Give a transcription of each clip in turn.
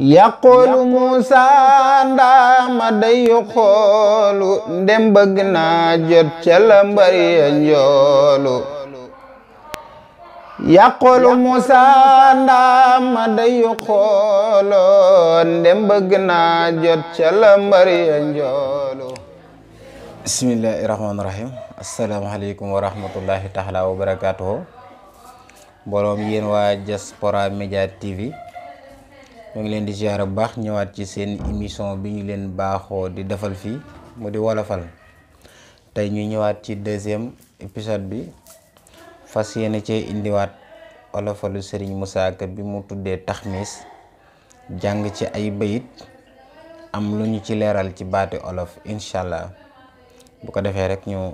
yàqoolu Muusa ndaama dayu xoolu ndem bëgg naa jot ca la mbari ya njoolu yàqoolu Muusa ndaama naa jot ca la mbari ya njoolu bismillahi rahmaani rahim asalaamaaleykum wa waa Diaspora Media TV ñu ngi leen di ziar bu baax ñëwaat ci seen émission bi ñu leen baaxoo di defal fii mu di wolofal tey ñu ñëwaat ci deuxième épisode bi fas yéene ci indiwaat olofalu Serigne Moussa bi mu tuddee taxmis jàng ci ay bayit am lu ñu ci leeral ci baati olof incha allah bu ko defee rek ñu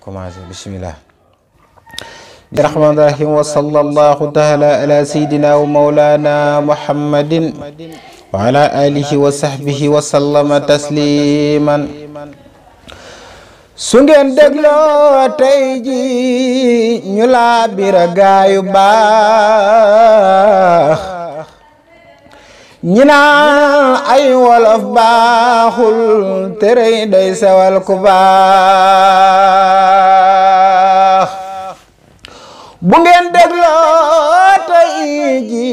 commencé bisimilah. برحمن الرحيم وصلى الله تعالى على سيدنا ومولانا محمد وعلى آله وصحبه وسلم تسليما su ngeen dégloo tey ji ñu laa bira gaayu baax ñi naan ay wolof baaxul tere day sawal ku baax bu ngeen dégloo tey ji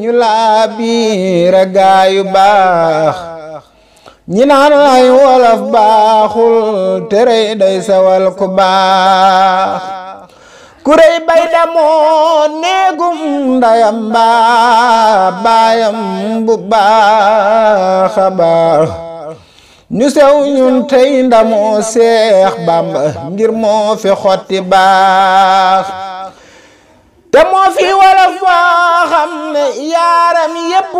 ñu laa biir gaayu baax ñi naan ay wolof baaxul terey day sawal ku baax kurey bay damoo néegum ndayam baa baayam bu baax baax ñu sew ñun tey ndamoo seex bàmba ngir moo fi xotti baax te moo fi wala faa xam ne yaaram yépp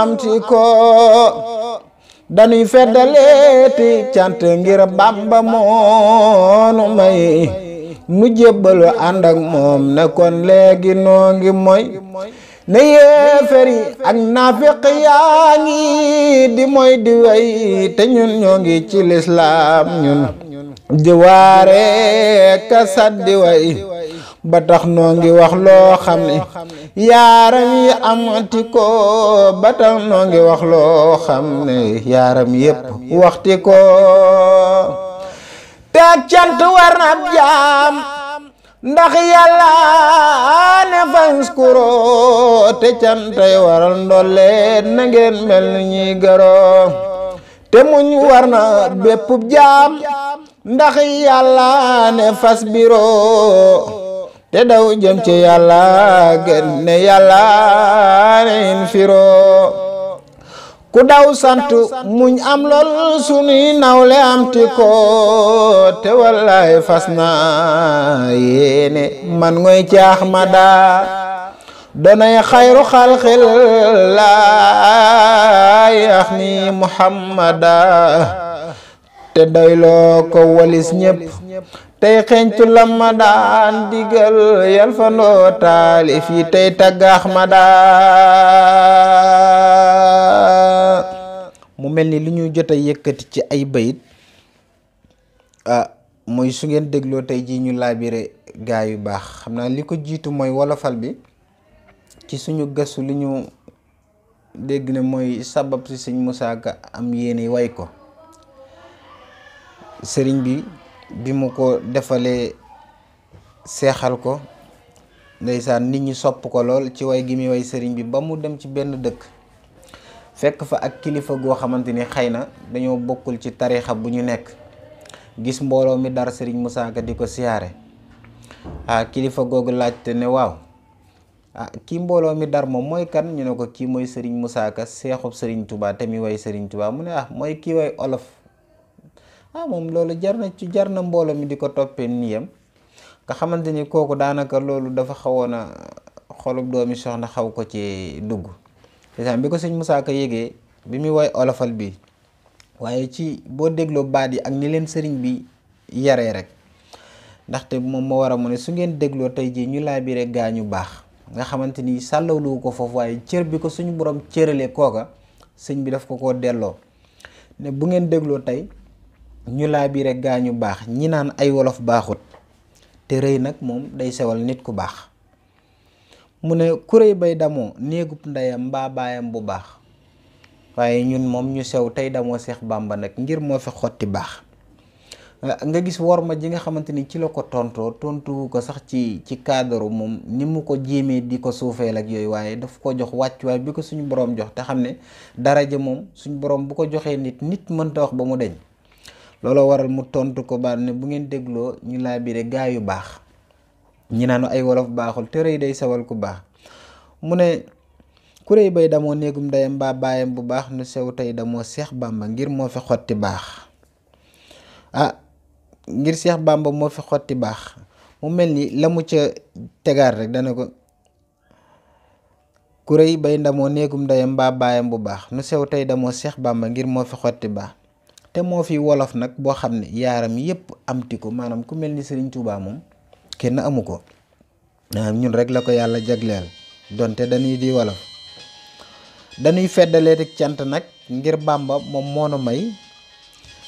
am ci ko dañuy feddaleeti cant ngir Bàmba moonu may nu jébbalu ànd ak moom ne kon léegi noo ngi mooy ne yéefar yi ak naafiq yaa ngi di mooy di way te ñun ñoo ngi ci lislaam ñun di waare ka saddi way ba tax noo ngi wax loo xam ne yaaram yi amati ko ba tax noo ngi wax loo xam ne yaaram yépp waxti ko teeg cant war na jaam ndax yàlla ne faskuro te cantay waral ndolleet na mel ni ñuy garoo te muñ war na bépp jaam ndax yàlla ne fas biro te daw jëm ci yàlla gën yàlla reyin firo ku daw sant muñ am lool sunuy nawle am ti ko te wallaay fas na man ngoy ci Ahmada donay xayru xalxil laay ax ni Muhammada te doyloo ko walis ñépp tey xeñtu lam ma daan digal yal fandoo taalif yi tey taggaax ma daa mu mel ni li ñuy jot a yëkkati ci ay bayit mooy su ngeen dégloo tey jii ñu laabire gaa yu baax xam naa li ko jiitu mooy wolofal bi ci suñu gëstu li ñu dégg ne mooy sabab si sëñ Moussa am yéene way ko sëriñ bi bi mu ko defalee seexal ko ndeysaan nit ñi sopp ko lool ci way gi muy way sëriñ bi ba mu dem ci benn dëkk fekk fa ak kilifa goo xamante ni xëy na dañoo bokkul ci tarixa bu ñu nekk gis mbooloo mi dar sëriñ Moussa di ko siyaare ah kilifa googu laajte ne waaw ah kii mbooloo mi dar moom mooy kan ñu ne ko kii mooy sëriñ Moussa Ka seexub sëriñ Touba te muy way sëriñ Touba mu ne ah mooy kii way olof ah moom loolu jar na ci jar na mbooloo mi di ko toppee nii niyam nga xamante ni kooku daanaka loolu dafa xawoon a xolub doomi soxna xaw ko ci dugg exemple bi ko sëñ Moussa Ka yégee bi muy woy olofal bi waaye ci boo dégloo baat yi ak ni leen sëriñ bi yaree rek ndaxte moom moo war a mu ne su ngeen dégloo tey jii ñu laabire gaañu baax nga xamante ni sàllawlu ko foofu waaye cër bi ko suñu borom cëralee kooka sëñ bi daf ko ko delloo ne bu ngeen dégloo tey ñu laa bi rek gaa ñu baax ñi naan ay wolof baaxut te rëy nag moom day sewal nit ku baax mu ne kuréy bay damoo néegub ndeyam mbaa baayam bu baax waaye ñun moom ñu sew tey damoo Seex Bàmba nag ngir moo fi xotti baax euh, nga gis worma ji nga xamante ni ci la ko tontoo tontuwu ko sax ci ci cadre moom ni mu ko jéemee di ko suufee lag yooyu waaye daf ko jox wàccuwaay bi ko suñu borom jox te xam ne dara daraja moom suñu borom bu ko joxee nit nit mënta wax ba mu deñ looloo waral mu tontu ko baat ne bu ngeen dégloo ñu laa bire gaa yu baax ñi naan ay wolof baaxul te rëy day sewal ku baax mu ne ku rëy bay damoo néegum ndeyam mbaa baayam bu baax nu sew tey damoo seex bàmba ngir moo fi baax ah ngir seex bàmba moo fi baax mu mel ni la mu ca tegaat rek dana ko ku rëy bay ndamoo néegum ndeyam mbaa baayam bu baax nu sew tey damoo seex bàmba ngir moo fi xotti baax te moo fi wolof nag boo xam ne yaaram yëpp amti ko maanaam ku mel ni Serigne Touba moom kenn amu ko ñun rek la ko yàlla jagleel donte dañuy di wolof dañuy feddalee rek cant nag ngir Bàmba moom moo nu may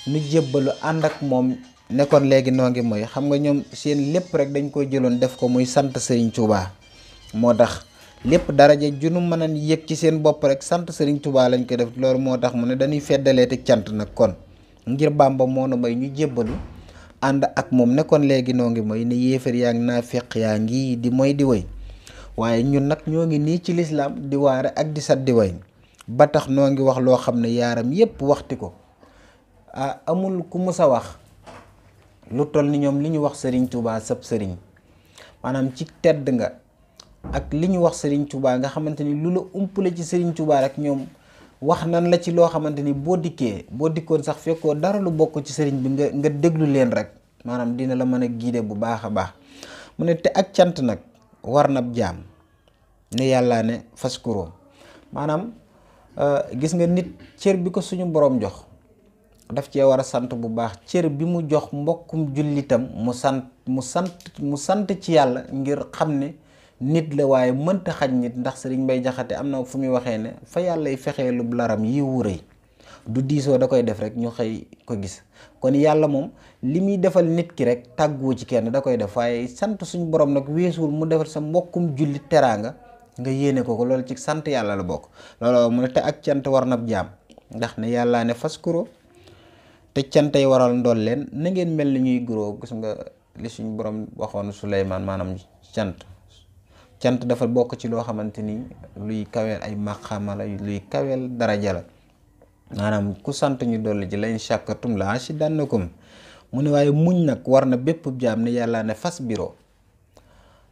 nu jébbalu ànd ak moom nekkoon léegi noo mooy xam nga ñoom seen lépp rek dañ ko jëloon def ko muy sant Serigne Touba moo tax lépp daraja junu mën a yëg ci seen bopp rek sant Serigne Touba lañ ko def loolu moo tax mu ne dañuy feddaleeti cant nag kon. ngir Bàmba moo nu may ñu jébbalu ànd ak moom nekkoon léegi noo ngi moy ni yéefar yaa ngi naa feq yaa ngi di moy diway waaye ñun nag ñoo ngi nii ci lislaam di waare ak di sat di ba tax noo ngi wax loo xam ne yaaram yépp waxti ko ah amul ku mus wax lu toll ni ñoom li ñu wax sëriñ Touba sab sëriñ maanaam ci tedd nga ak li ñu wax sëriñ Touba nga xamante ni lu la umpale ci sëriñ Touba rek ñoom wax nan la ci loo xamante ni boo dikkee boo dikkoon sax fekkoo dara lu bokk ci sëriñ bi nga nga déglu leen rek maanaam dina la mën a guider bu baax a baax mu ne te ak cant nag war na jaam ne yàlla ne faskuroo maanaam euh, gis nga nit cër bi ko suñu boroom jox daf cee war a sant bu baax cër bi mu jox mbokkum jullitam mu sant mu sant mu sant ci yàlla ngir xam ne nit la waaye mënta xaj nit ndax sëriñ bay Jaxate am na fu muy waxee ne fa yàllay fexeelu laram yi wuréy du diisoo da koy def rek ñu xëy ko gis kon yàlla moom li muy defal nit ki rek tàggoo ci kenn da koy def waaye sant suñu borom nag weesuwul mu defal sa mbokkum jullit teraanga nga yéene ko ko loolu ci sant yàlla la bokk loolu mu ne te ak cant war na jaam ndax ne yàllaa ne fas faskuro te cantay waral ndool leen na ngeen mel ni ñuy guroo gis nga li suñu borom waxoon Suleymaan maanaam cant cant dafa bokk ci loo xamante ni luy kawel ay maqaama la luy kaweel daraja la maanaam ku sant ñu dolli ji lañ shàkkatum la azidannakum mu ne waaye muñ nag war na bépp jaam ne yàlla ne fas biro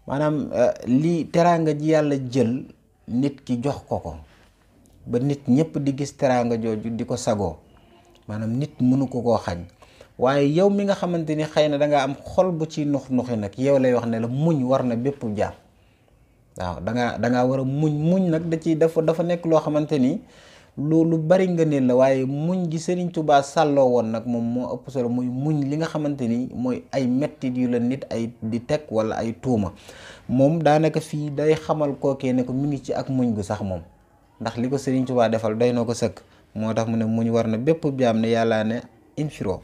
maanaam eh, lii teraanga ji yàlla jël nit ki jox ko ko ba nit ñëpp di gis teraanga jooju di ko sagoo maanaam nit mënu koo xañ waaye yow mi nga xamante ni xëy na danga am xol bu ci nux nuxi nag yow lay wax ne la muñ war na bépp jaam waaw da ngaa da ngaa war a muñ muñ nag da ci dafa dafa nekk loo xamante ni loolu bari nga ne la waaye muñ gi Serigne Touba sàlloo woon nag moom moo ëpp solo muy muñ li nga xamante ni mooy ay mettit yu la nit ay di teg wala ay tuuma moom daanaka fii day xamal kookee ne ko mu ngi ci ak muñ gu sax moom ndax li ko Serigne Touba defal doy noo ko sëkk moo tax mu ne muñ war na bépp am ne yàllaa ne infiro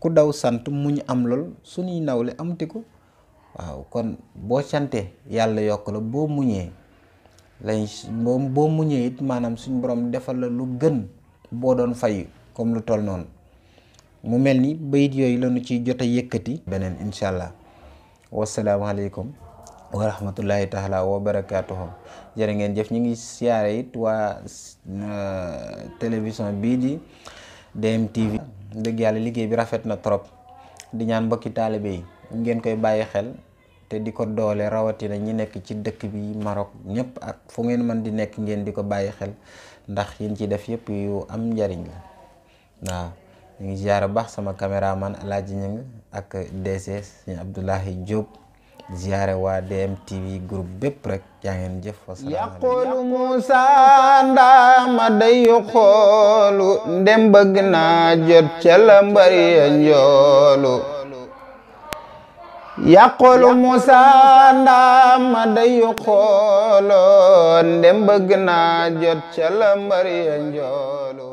ku daw sant muñ am lool suñuy nawle amati ko waaw kon boo sante yàlla yokk la boo muñee lañ boo muñee it maanaam suñ borom defal la lu gën boo doon fay comme lu toll noonu mu mel ni bayit yooyu lañu ciy jot a yëkkati beneen incha allah wasalaamaaleykum wa rahmatullahi taala wa barakaatuhu jërë ngeen jëf ñu ngi siyaare it waa euh, télévision bii di DMTV dëgg yàlla liggéey bi rafet na trop di ñaan mbokki taalibe yi ngeen koy bàyyi xel te di ko doole rawatina ñi nekk ci dëkk bi Maroc ñëpp ak fu ngeen mën di nekk ngeen di ko bàyyi xel ndax yin ci def yëpp yu am njariñ la waaw ñu ngi ziyaara baax sama caméraman Alaaji Ñing ak DC Sëñ Abdoulahi Diop ziyaare waa DMTV groupe bépp rek yaa ngeen jëf wasalaam yaqulu Moussa ndaama day xoolu ndem bëgg njoolu yàqoolu Musa ndama dayu xooloon ndem bëgg naa jot ca la mbari ya